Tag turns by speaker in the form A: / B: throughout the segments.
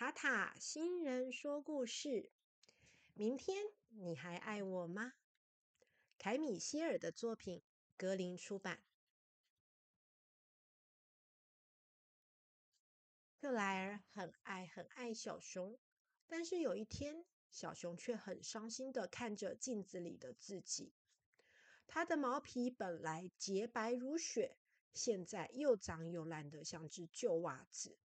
A: 塔塔新人說故事，明天你還愛我嗎？凱米歇爾的作品，格林出版。克萊爾很愛很愛小熊，但是有一天，小熊卻很傷心地看着鏡子裡的自己。它的毛皮本來潔白如雪，現在又髒又爛的，像隻舊襪子。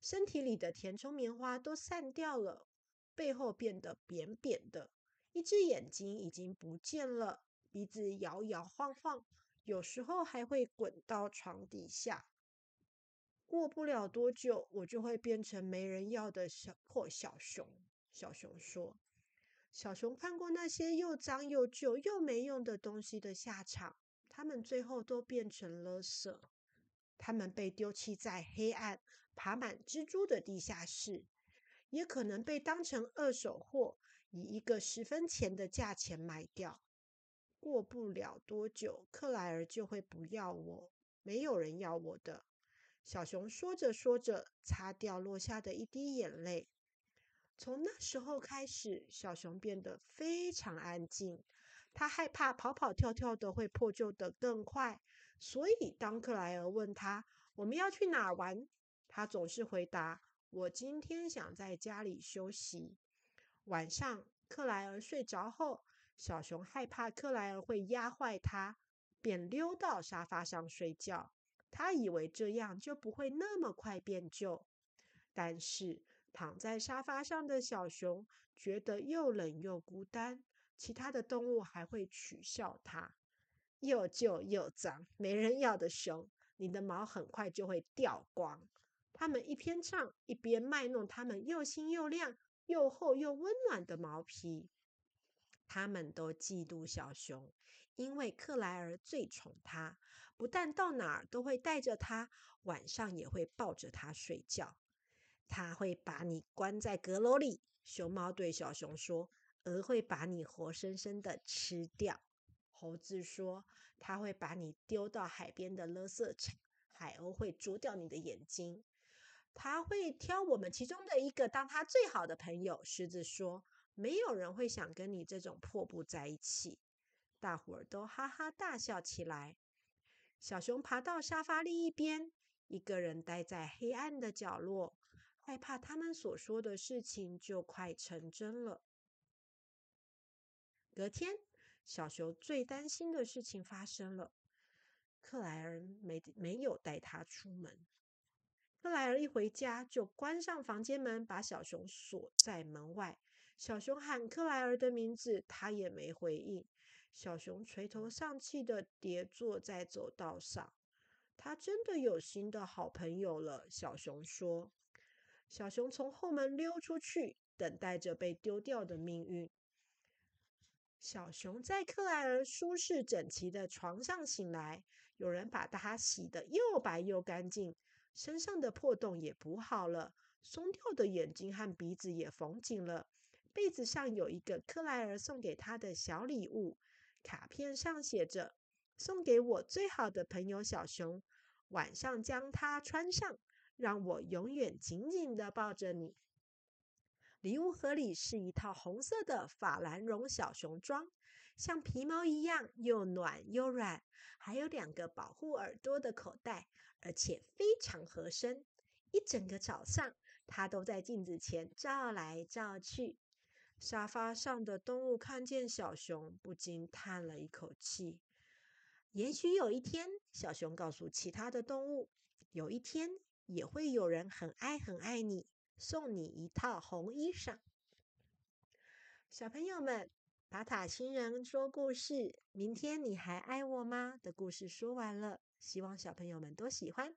A: 身體裡的填充棉花都散掉了，背後變得扁扁的，一隻眼睛已經不見了，鼻子搖搖晃晃，有時候還會滾到床底下。過不了多久，我就會變成沒人要的小破小熊。小熊說：“小熊看過那些又髒又舊又沒用的東西的下場，他們最後都變成了圾。」他們被丟棄在黑暗、爬滿蜘蛛的地下室，也可能被當成二手貨，以一個十分錢的價錢賣掉。過不了多久，克萊爾就會不要我，沒有人要我的。小熊說着說着，擦掉落下的一滴眼淚。從那時候開始，小熊變得非常安靜，它害怕跑跑跳跳的會破舊的更快。所以，當克萊爾問他我們要去哪玩，他總是回答：“我今天想在家裡休息。”晚上，克萊爾睡着後，小熊害怕克萊爾會壓壞它，便溜到沙發上睡覺。他以為這樣就不會那麼快變舊，但是躺在沙發上的小熊覺得又冷又孤單，其他的動物還會取笑它。又舊又髒，沒人要的熊，你的毛很快就會掉光。他們一邊唱一邊賣弄他們又新又亮、又厚又溫暖的毛皮。他們都嫉妒小熊，因為克萊兒最寵他，不但到哪兒都會帶着他，晚上也會抱着他睡覺。他會把你關在閣樓裡，熊貓對小熊說：“鵝會把你活生生的吃掉。”猴子說：“他會把你丟到海邊的垃圾場，海鷗會啄掉你的眼睛。他會挑我們其中的一個當他最好的朋友。”獅子說：“沒有人會想跟你這種破布在一起。”大伙兒都哈哈大笑起來。小熊爬到沙發另一邊，一個人待在黑暗的角落，害怕他們所說的事情就快成真了。隔天。小熊最擔心的事情發生了，克萊爾沒沒有帶他出門。克萊爾一回家就關上房間門，把小熊鎖在門外。小熊喊克萊爾的名字，他也沒回應。小熊垂頭喪氣的跌坐在走道上。他真的有新的好朋友了，小熊說。小熊從後門溜出去，等待着被丟掉的命運。小熊在克萊爾舒適整齊的床上醒來，有人把它洗得又白又乾淨，身上的破洞也補好了，鬆掉的眼睛和鼻子也縫緊了。被子上有一個克萊爾送給他的小禮物，卡片上寫着：“送給我最好的朋友小熊，晚上將它穿上，讓我永遠緊緊地抱着你。”禮物盒裡是一套紅色的法蘭絨小熊裝，像皮毛一樣又暖又軟，還有兩個保護耳朵的口袋，而且非常合身。一整個早上，它都在鏡子前照來照去。沙發上的動物看見小熊，不禁嘆了一口氣。也許有一天，小熊告訴其他的動物：“有一天，也會有人很愛很愛你。”送你一套紅衣裳，小朋友們，塔塔星人說故事。明天你還愛我嗎？的故事說完了，希望小朋友們都喜歡。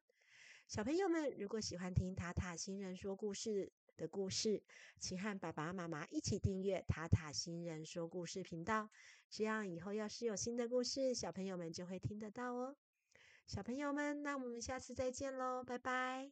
A: 小朋友們，如果喜歡聽塔塔星人說故事的故事，請和爸爸媽媽一起訂閱塔塔星人說故事頻道，這樣以後要是有新的故事，小朋友們就會聽得到哦。小朋友們，那我們下次再見嘍，拜拜。